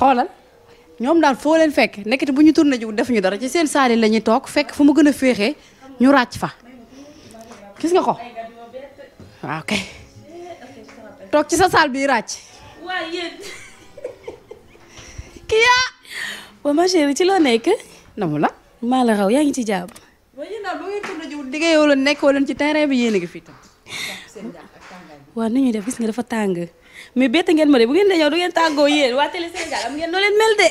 xoolal ñoom daal fooleen leen fekk nekkati bu ñu tourné jiw defuñu dara ci seen saali lañuy toog fekk fu mu gën a féexee ñu ràcc fa gis nga xo waaw ah, kay toog ci sa bi ràcc. waaw yéen. Kya. waaw ci loo nekk. namu la. maa la xaw yaa ngi ci jàmm. waaye yéen daal boo ngeen tourné jiw ci terrain bi yéen a fi tam. waaw nu ñuy def gis nga dafa tàng. mais bett ngeen ma de bu ngeen di ñëw du ngeen tàggoo yéen waa Télé Sénégal am ngeen noo leen mel de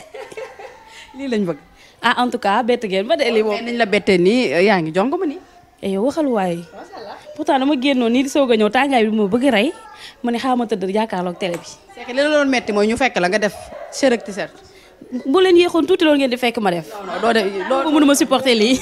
lii lañ bëgg ah en tout cas bett ngeen ma de lii moom nañ la bettee nii yaa ngi jongo ma nii. yow eh, waxal waay pourtant dama génnoon nii di soog a ñëw tàngaay bi ma bëgg rey ma ne xaaral ma tëdd jàkkaarloog télé bi. c'est que li la doon metti mooy ñu fekk la nga def chërëg ti set. bu leen yéexoon tuuti loolu ngeen di fekk ma def. non non doo de mënuma supporter lii.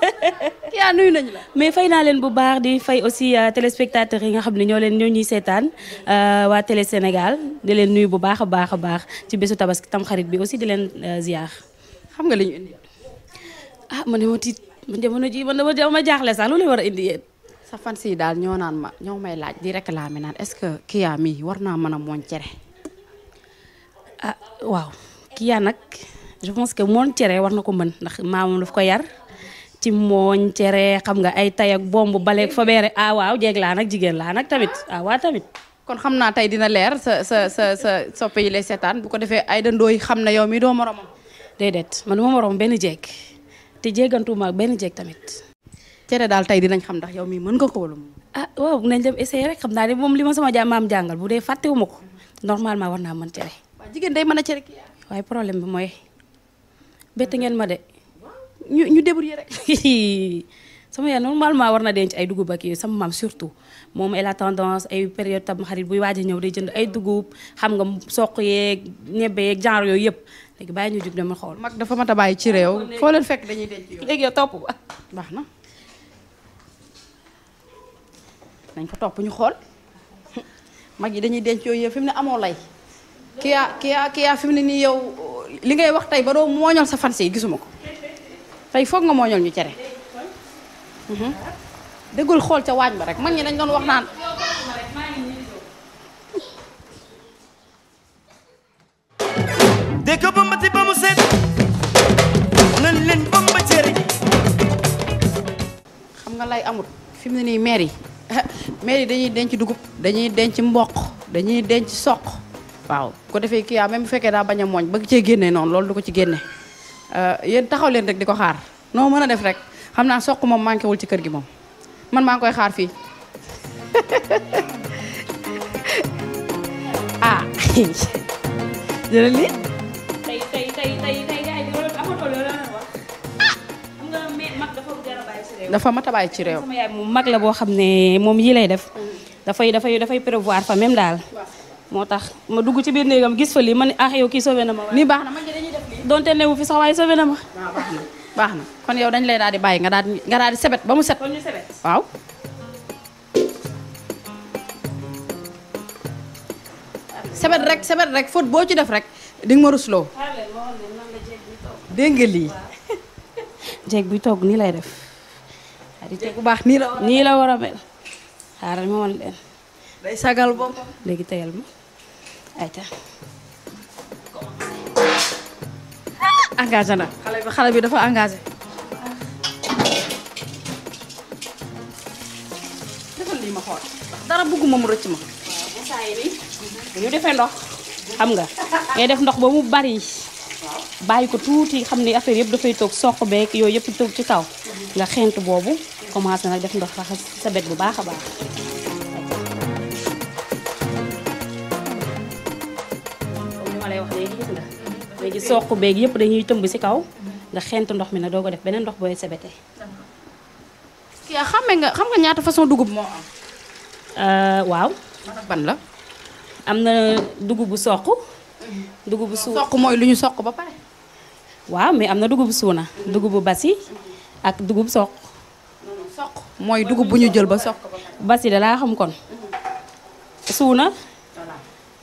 Kya ah, nuyu nañu la. mais fay naa leen bu baax di fay aussi euh, téléspectateurs yi nga xam ne ñoo leen ñoo ñuy seetaan euh, waa Télé Sénégal di leen nuyu bu baax a baax a baax ci bésu tabaski tamxarit bi aussi di leen euh, ziar. xam nga li ñu indi ah man de ma tiit man jamono ji man ma jaaxle sax loolu war a indi yéen. sa fan si daal ñoo naan ma ñoo may laaj di réclamer naan est-ce que Kya mii war naa mën a mooñ cere. ah waaw Kya nag je pense que mooñ cere war na ko mën ndax maamam daf ko yar. ci mooñ cere xam nga ay tay ak bomb baleeg fobeere ah waaw jeeg laa nag jigéen laa nag tamit ah waaw tamit. kon xam naa tey dina leer sa sa sa sa soppe yi lay seetaan bu ko defee ay dandooy xam na yow mi doo moromam. déedéet man duma morom benn jeeg te jeegantuma ak benn jeeg tamit. cere daal tey dinañ xam ndax yow mii mën nga ko wala ah waaw nañ dem essayer rek xam naa ne moom li ma sama maam jàngal bu dee fàttewuma ko normalement war naa mën cere. waaw jigéen day mën a waaye problème mooy bett ngeen ma ñu ñu débrouiller rek sama yaay normalement war na denc ay dugub ak yooyu sama maam surtout moom ay la tendance ay période tam xarit buy waaj a ñëw day jënd ay dugub xam nga soq yeeg ñebe yeeg genre yooyu yëpp léegi bàyyi ñu jub dama xool. mag dafa mat a bàyyi ci réew. foo leen fekk dañuy denc yow. léegi yow baax na nañ ko topp ñu xool mag yi dañuy denc yooyu yëpp fi mu ne amoo lay. ki yaa ki yaa ki yaa fi mu ne nii yow li ngay wax tey ba doo mooñal sa fanse yi gisuma ko. tey foog nga mooñal ñu cere. Mhm. dëggul xool ca waañ ba rek man ni dañ doon wax naan. dégg ba ba mu set nañ leen ba mba cere. xam nga lay amut fi mu ne nii maire yi maire yi dañuy denc dugub dañuy denc mboq dañuy denc soq waaw ko defee kii yaa même bu fekkee daa bañ a mooñ bëgg cee génnee noonu loolu du ko ci génne. Euh, yéen taxaw leen rek di ko xaar noo mën a def rek xam naa soq moom manqué wul ci kër gi moom man maa ngi koy xaar fii dafa gën ci réew. dafa mat a moom mag la boo xam ne moom yi lay def. Mm. dafay dafay dafay prévoir fa même daal. moo tax ma dugg ci biir néegam gis fa lii ma ne ah yow kii soobee na ma. baax na donte newu fi sax waaye sauvé na ma. Ah, baax na kon yow dañ lay daal di bàyyi nga daal di nga daal sebet ba mu set. kon ñu sebet waaw. sebet rek sebet rek fóot boo ci def rek di nga ma rusloo. dégg nga lii. jeeg buy togg nii lay def. di teg bu baax nii la war a nii la war a mel. xaaral ma woon leen. day sagal boppam léegi tegal ma ayca. engagé na xale bi xale bi dafa engagé. defal lii ma xool dara bëgguma mu rëcc ma. Mm-hmm. bu ñu defee ndox xam nga ngay def ndox ba bari. bàyyi ko tuuti xam ne affaire yëpp dafay toog soq beeg yooyu yëpp toog ci kaw. nga xent boobu commencé nag def ndox raxas sa bet bu baax a baax. léegi soq beeg yëpp dañuy tëmb ci kaw nga xent ndox mi na doo ko def beneen ndox booy sebete. yaa xame nga xam nga ñaata façon dugub moo am. Euh, waaw. ban la. am na dugubu soq. dugubu soq mooy lu ñu soq ba pare. waaw mais am na dugubu suuna. dugubu basi ak dugub soq. soq mooy dugub bu ñu jël ba soq. basi da laa xam kon. suuna.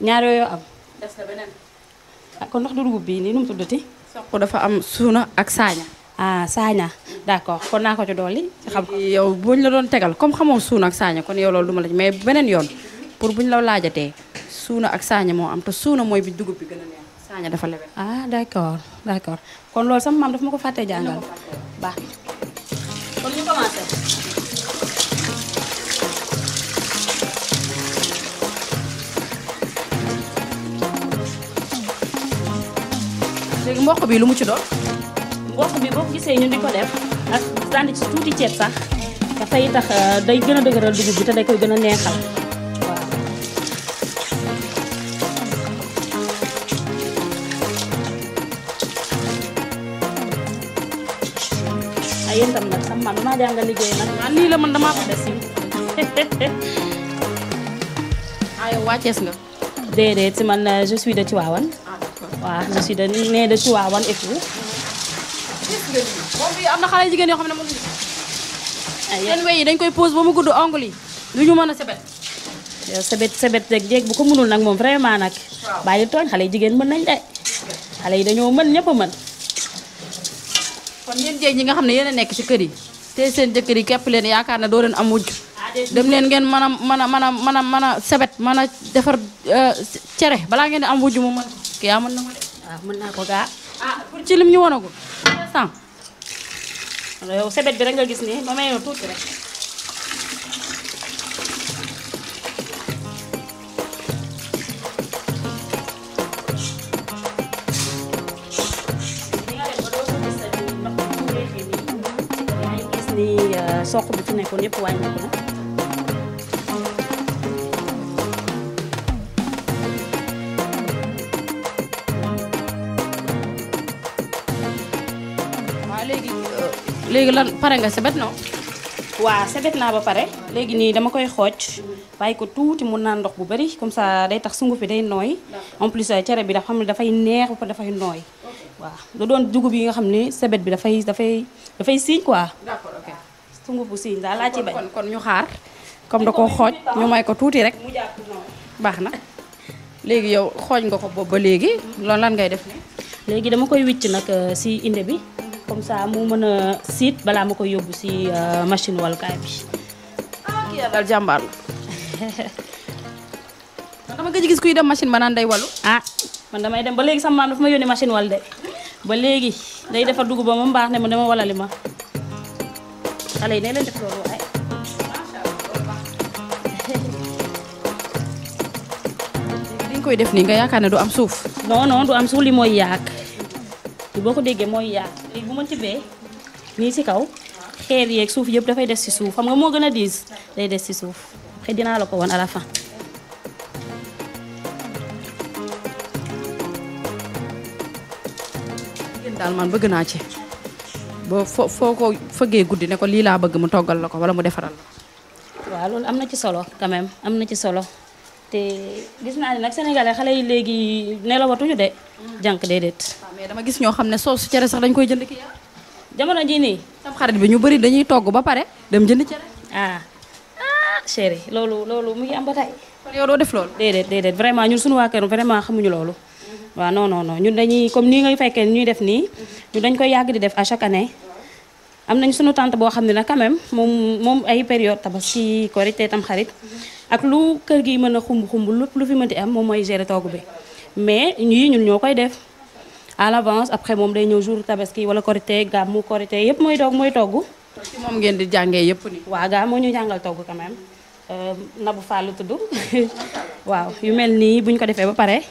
ñaar yooyu am. des Ah, kon ndax du dugub bii nii nu mu ti soq dafa am suuna ak saaña. ah saaña d'accord kon naa ko ci dolli. xam yow buñ la doon tegal comme xamoo suuna ak saaña kon yow loolu du ma la mais beneen yoon pour buñ la laajatee suuna ak saaña moo am te suuna mooy bi dugub bi gën a neex saaña dafa lebe. ah d'accord d'accord kon loolu sama maam dafa ma ko fàttee jàngal baax léegi mboq bi lu mu ci doon. mboq bi boo ko gisee ñu di ko def ak sànni ci tuuti ceeb sax dafay tax euh, day gën a dëgëral dugub bi te day koy gën a neexal. yéen tam nag xam man maa jàng liggéey nag ah, man nii la mën damaa ko des yi aywa wàccees nga déedéet si man euh, je suis de Tivaouane waaw je suis de née de Tivaouane et tout. moom bi am na xale jigéen yoo xam ne moom. seen wéy yi dañ koy pose ba mu gudd ongle yi du ñu mën a sebet. sebet sebet rek jéeg bu ko mënul nag moom vraiment nag. waaw bàyyi tooñ xale jigéen mën nañ de. xale yi dañoo mën ñëpp a mën. kon yéen jéeg ñi nga xam ne yéen nekk ci kër yi te seen jëkkër yi képp leen yaakaar na doo leen am wujj. dem leen ngeen mën a mën a mën a mën a mën a sebet mën a defar euh, cere balaa ngeen di am wuj mu kii yaa ah, mën na naa ko gaa ah pour ci ñu wanagul sànq yow sebet bi rek nga gis nii ba may yow tuuti rek euh, soq bi fi nekkoon yëpp wàññi ko na léegi lan pare nga sebet non waaw sebet naa ba pare léegi nii dama koy xooj bàyyi ko tuuti mun naa ndox bu bëri comme ça day tax sunguf bi day nooy en plus euh, cere bi dafa xam dafay neex ba dafay nooy waaw lu doon dugub yi nga xam ne sebet bi dafay dafay dafay siiñ sunguf bu siiñ daal laa ci kon ñu xaar comme da koo xooj ñu may ko tuuti rek baax na léegi yow xooj nga ko boobu ba léegi loolu lan ngay def léegi dama koy wicc nag euh, si inde bi comme ça mu mën a siit balaa ma koy yóbbu si euh, machine walkaay bi. ah kii dama gëj gis kuy dem machine ba naan day walu. Ah, ba léegi sama maam ma yónnee de ba léegi day defar dugub ba mu baax ne ma dama walali ma xale ne leen def loolu waaye. li nga koy def nii nga yaakaar ne du am suuf. non du am suuf li mooy yaak. boo ko déggee mooy yaa léegi bu ma tibbee nii si kaw xeer yeeg suuf yëpp dafay des ci suuf xam nga moo gën a diis day des ci suuf xëy dinaa la ko woon à la fin. daal man bëgg naa ci boo foo foo ko fëggee guddi ne ko lii laa bëgg mu toggal la ko wala mu defaral la. waaw loolu am na ci solo quand am na ci solo te gis naa ne nag sénégalais xale yi léegi nelawatuñu de mm. jànk déedéet. dama gis ñoo xam ne soosu cere sax dañ koy jënd ki jamono ji nii tam xarit bi ñu bëri dañuy togg ba pare dem jënd cere ah ah chéri loolu loolu mu ngi am ba tey kon yow doo def loolu déedéet vraiment ñun suñu waa kër vraiment xamuñu loolu mm-hmm. waaw non non non ñun dañuy comme nii ngay fekkee ñuy def nii mm-hmm. ñu dañ koy yàgg di def à chaque année am nañ sunu tànt boo xam ne nag quand même moom moom ay période tabaski korite tam xarit mm-hmm. ak lu kër gi mën a xumb xumb lépp lu fi mënti am moom mooy gérer togg bi mais koy def à l'avance après moom day ñëw jour tabaski wala korité gàmmu korité yëpp mooy doog mooy togg. ci moom ngeen di jàngee yëpp ni waaw gaa moo jàngal togg quand même euh, Nabou Fall tudd waaw yu mel nii buñ ko defee ba pare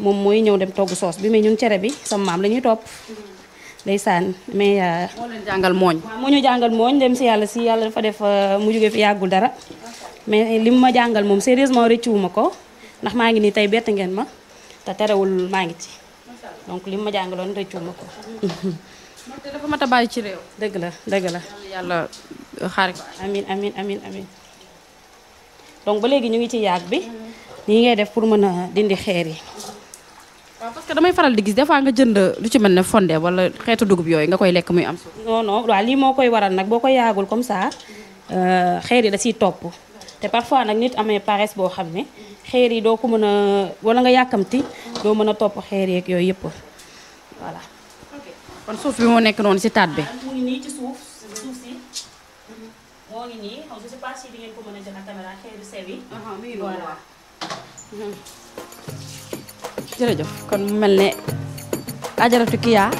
moom mooy ñëw dem togg soos bi mais ñun cere bi sama maam la ñuy topp. ndeysaan mais. Euh, moo leen jàngal mooñ. moo ñu jàngal mooñ dem si yàlla si yàlla dafa def euh, mu jógee fi yàggul dara mais li mu ma jàngal moom sérieusement ma ko ndax maa ngi nii tey bett ngeen ma te terewul maa ngi ci. donc li ma jàngaloon rëccu ma ko. te dafa mat a ci réew. dëgg la dëgg la. yàlla xaar ko. amin amin amin donc ba léegi ñu ngi ci yàgg bi. nii ngay def pour mën a dindi xeer yi. waaw parce que damay faral di gis des fois nga jënd lu ci mel ne fonde wala xeetu dugub yooyu nga koy lekk muy am. non non lii moo koy waral nag boo ko yaagul comme ça euh, xeer yi da si topp te parfois nag nit amee paresse boo xam ne. xeer yi doo ko mën a wala nga yàkkamti doo mën a topp xeer yeeg yooyu yëpp voilà. kon suuf bi moo nekk noonu si taat bi. mu ngi kon mu mel ne ajaratu Kya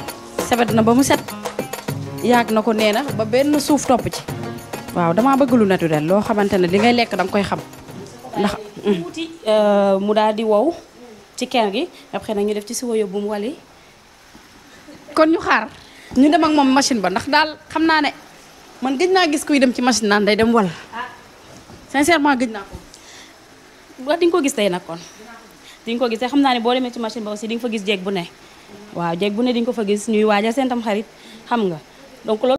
sebet na ba mu set yàgg na ko nee na ba benn suuf topp ci waaw damaa bëgg lu naturel loo xamante ne li ngay lekk danga koy xam. ndax tuuti euh, mu daal di wow ci ker gi après nag ñu def ci siwo yóbbu mu wali kon ñu xaar ñu dem ak moom machine ba ndax daal xam naa ne man gëj naa gis kuy dem ci machine naan day dem wal sincèrement gëj naa ko wa ko gis tey nag kon di nga ko gis tey xam naa ne boo demee ci machine ba aussi di nga fa gis jeeg bu ne waaw jeeg bu ne dañ ko fa gis ñuy waajal seen tam xarit xam nga donc loolu